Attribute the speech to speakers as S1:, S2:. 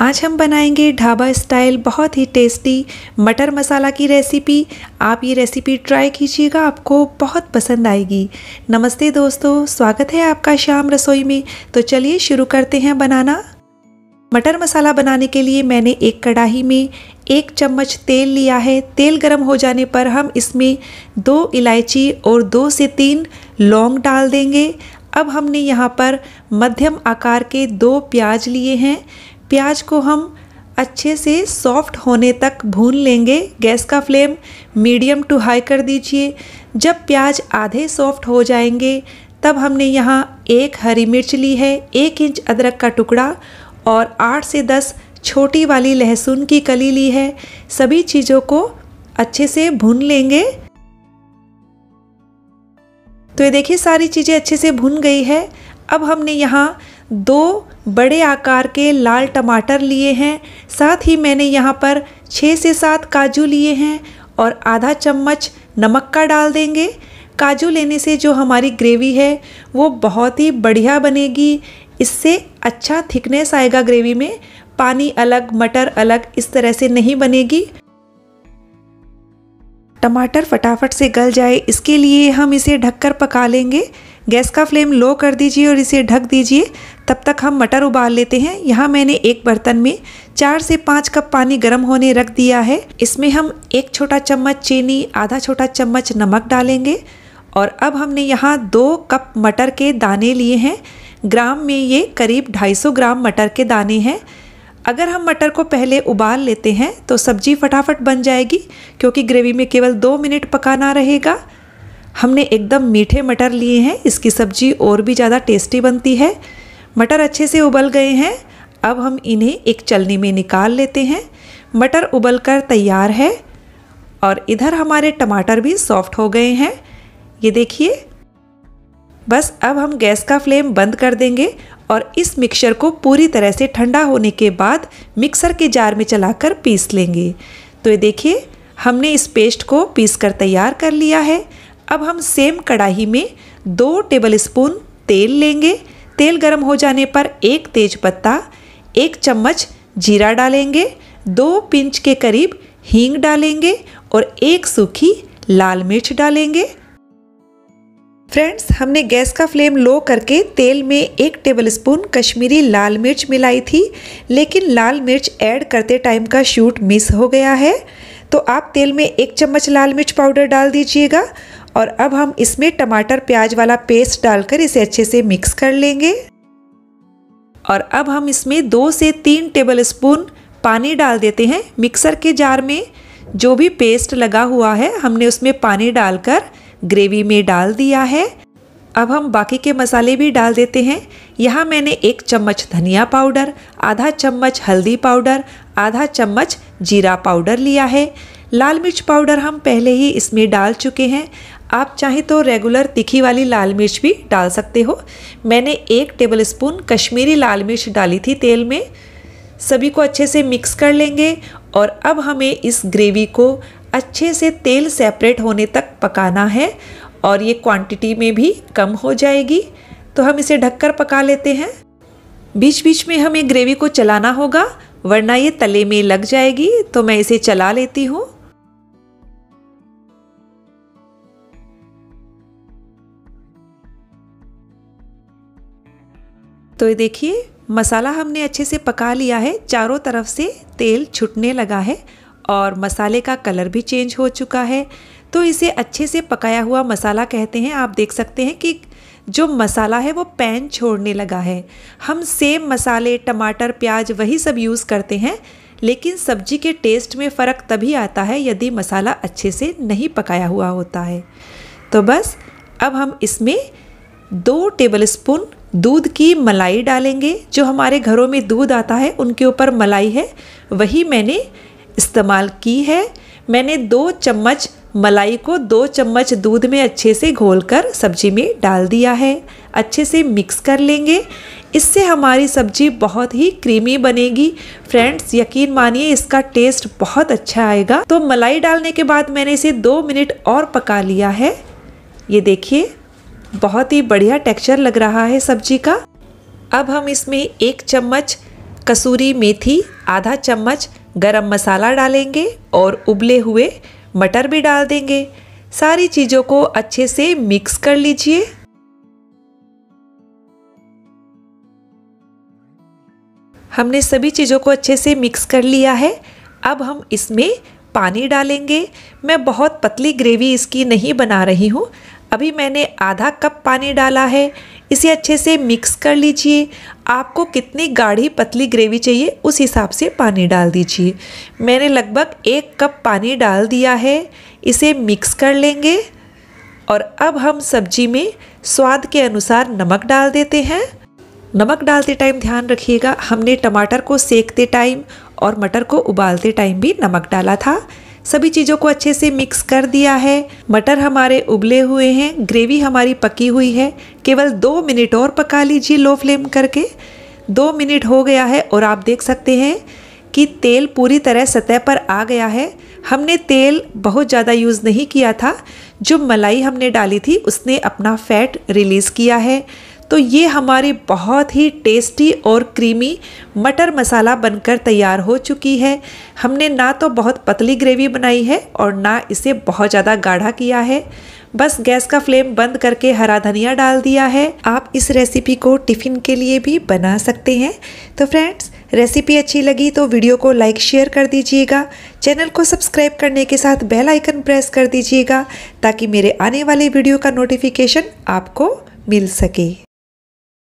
S1: आज हम बनाएंगे ढाबा स्टाइल बहुत ही टेस्टी मटर मसाला की रेसिपी आप ये रेसिपी ट्राई कीजिएगा आपको बहुत पसंद आएगी नमस्ते दोस्तों स्वागत है आपका शाम रसोई में तो चलिए शुरू करते हैं बनाना मटर मसाला बनाने के लिए मैंने एक कढ़ाई में एक चम्मच तेल लिया है तेल गर्म हो जाने पर हम इसमें दो इलायची और दो से तीन लौंग डाल देंगे अब हमने यहाँ पर मध्यम आकार के दो प्याज लिए हैं प्याज को हम अच्छे से सॉफ्ट होने तक भून लेंगे गैस का फ्लेम मीडियम टू हाई कर दीजिए जब प्याज आधे सॉफ्ट हो जाएंगे तब हमने यहाँ एक हरी मिर्च ली है एक इंच अदरक का टुकड़ा और आठ से दस छोटी वाली लहसुन की कली ली है सभी चीज़ों को अच्छे से भून लेंगे तो ये देखिए सारी चीज़ें अच्छे से भून गई है अब हमने यहाँ दो बड़े आकार के लाल टमाटर लिए हैं साथ ही मैंने यहाँ पर छः से सात काजू लिए हैं और आधा चम्मच नमक का डाल देंगे काजू लेने से जो हमारी ग्रेवी है वो बहुत ही बढ़िया बनेगी इससे अच्छा थिकनेस आएगा ग्रेवी में पानी अलग मटर अलग इस तरह से नहीं बनेगी टमाटर फटाफट से गल जाए इसके लिए हम इसे ढककर पका लेंगे गैस का फ्लेम लो कर दीजिए और इसे ढक दीजिए तब तक हम मटर उबाल लेते हैं यहाँ मैंने एक बर्तन में चार से पाँच कप पानी गर्म होने रख दिया है इसमें हम एक छोटा चम्मच चीनी आधा छोटा चम्मच नमक डालेंगे और अब हमने यहाँ दो कप मटर के दाने लिए हैं ग्राम में ये करीब 250 ग्राम मटर के दाने हैं अगर हम मटर को पहले उबाल लेते हैं तो सब्जी फटाफट बन जाएगी क्योंकि ग्रेवी में केवल दो मिनट पकाना रहेगा हमने एकदम मीठे मटर लिए हैं इसकी सब्जी और भी ज़्यादा टेस्टी बनती है मटर अच्छे से उबल गए हैं अब हम इन्हें एक चलनी में निकाल लेते हैं मटर उबल कर तैयार है और इधर हमारे टमाटर भी सॉफ्ट हो गए हैं ये देखिए बस अब हम गैस का फ्लेम बंद कर देंगे और इस मिक्सर को पूरी तरह से ठंडा होने के बाद मिक्सर के जार में चलाकर पीस लेंगे तो ये देखिए हमने इस पेस्ट को पीस कर तैयार कर लिया है अब हम सेम कढ़ाही में दो टेबल स्पून तेल लेंगे तेल गर्म हो जाने पर एक तेज पत्ता एक चम्मच जीरा डालेंगे दो पिंच के करीब हींग डालेंगे और एक सूखी लाल मिर्च डालेंगे फ्रेंड्स हमने गैस का फ्लेम लो करके तेल में एक टेबलस्पून कश्मीरी लाल मिर्च मिलाई थी लेकिन लाल मिर्च ऐड करते टाइम का शूट मिस हो गया है तो आप तेल में एक चम्मच लाल मिर्च पाउडर डाल दीजिएगा और अब हम इसमें टमाटर प्याज वाला पेस्ट डालकर इसे अच्छे से मिक्स कर लेंगे और अब हम इसमें दो से तीन टेबल स्पून पानी डाल देते हैं मिक्सर के जार में जो भी पेस्ट लगा हुआ है हमने उसमें पानी डालकर ग्रेवी में डाल दिया है अब हम बाकी के मसाले भी डाल देते हैं यहाँ मैंने एक चम्मच धनिया पाउडर आधा चम्मच हल्दी पाउडर आधा चम्मच जीरा पाउडर लिया है लाल मिर्च पाउडर हम पहले ही इसमें डाल चुके हैं आप चाहे तो रेगुलर तीखी वाली लाल मिर्च भी डाल सकते हो मैंने एक टेबल स्पून कश्मीरी लाल मिर्च डाली थी तेल में सभी को अच्छे से मिक्स कर लेंगे और अब हमें इस ग्रेवी को अच्छे से तेल सेपरेट होने तक पकाना है और ये क्वांटिटी में भी कम हो जाएगी तो हम इसे ढककर पका लेते हैं बीच बीच में हमें ग्रेवी को चलाना होगा वरना ये तले में लग जाएगी तो मैं इसे चला लेती हूँ तो ये देखिए मसाला हमने अच्छे से पका लिया है चारों तरफ से तेल छुटने लगा है और मसाले का कलर भी चेंज हो चुका है तो इसे अच्छे से पकाया हुआ मसाला कहते हैं आप देख सकते हैं कि जो मसाला है वो पैन छोड़ने लगा है हम सेम मसाले टमाटर प्याज वही सब यूज़ करते हैं लेकिन सब्जी के टेस्ट में फ़र्क तभी आता है यदि मसाला अच्छे से नहीं पकाया हुआ होता है तो बस अब हम इसमें दो टेबल स्पून दूध की मलाई डालेंगे जो हमारे घरों में दूध आता है उनके ऊपर मलाई है वही मैंने इस्तेमाल की है मैंने दो चम्मच मलाई को दो चम्मच दूध में अच्छे से घोलकर सब्जी में डाल दिया है अच्छे से मिक्स कर लेंगे इससे हमारी सब्जी बहुत ही क्रीमी बनेगी फ्रेंड्स यकीन मानिए इसका टेस्ट बहुत अच्छा आएगा तो मलाई डालने के बाद मैंने इसे दो मिनट और पका लिया है ये देखिए बहुत ही बढ़िया टेक्सचर लग रहा है सब्जी का अब हम इसमें एक चम्मच कसूरी मेथी आधा चम्मच गरम मसाला डालेंगे और उबले हुए मटर भी डाल देंगे सारी चीज़ों को अच्छे से मिक्स कर लीजिए हमने सभी चीज़ों को अच्छे से मिक्स कर लिया है अब हम इसमें पानी डालेंगे मैं बहुत पतली ग्रेवी इसकी नहीं बना रही हूँ अभी मैंने आधा कप पानी डाला है इसे अच्छे से मिक्स कर लीजिए आपको कितनी गाढ़ी पतली ग्रेवी चाहिए उस हिसाब से पानी डाल दीजिए मैंने लगभग एक कप पानी डाल दिया है इसे मिक्स कर लेंगे और अब हम सब्जी में स्वाद के अनुसार नमक डाल देते हैं नमक डालते टाइम ध्यान रखिएगा हमने टमाटर को सेकते टाइम और मटर को उबालते टाइम भी नमक डाला था सभी चीज़ों को अच्छे से मिक्स कर दिया है मटर हमारे उबले हुए हैं ग्रेवी हमारी पकी हुई है केवल दो मिनट और पका लीजिए लो फ्लेम करके दो मिनट हो गया है और आप देख सकते हैं कि तेल पूरी तरह सतह पर आ गया है हमने तेल बहुत ज़्यादा यूज़ नहीं किया था जो मलाई हमने डाली थी उसने अपना फैट रिलीज़ किया है तो ये हमारी बहुत ही टेस्टी और क्रीमी मटर मसाला बनकर तैयार हो चुकी है हमने ना तो बहुत पतली ग्रेवी बनाई है और ना इसे बहुत ज़्यादा गाढ़ा किया है बस गैस का फ्लेम बंद करके हरा धनिया डाल दिया है आप इस रेसिपी को टिफ़िन के लिए भी बना सकते हैं तो फ्रेंड्स रेसिपी अच्छी लगी तो वीडियो को लाइक शेयर कर दीजिएगा चैनल को सब्सक्राइब करने के साथ बेल आइकन प्रेस कर दीजिएगा ताकि मेरे आने वाले वीडियो का नोटिफिकेशन आपको मिल सके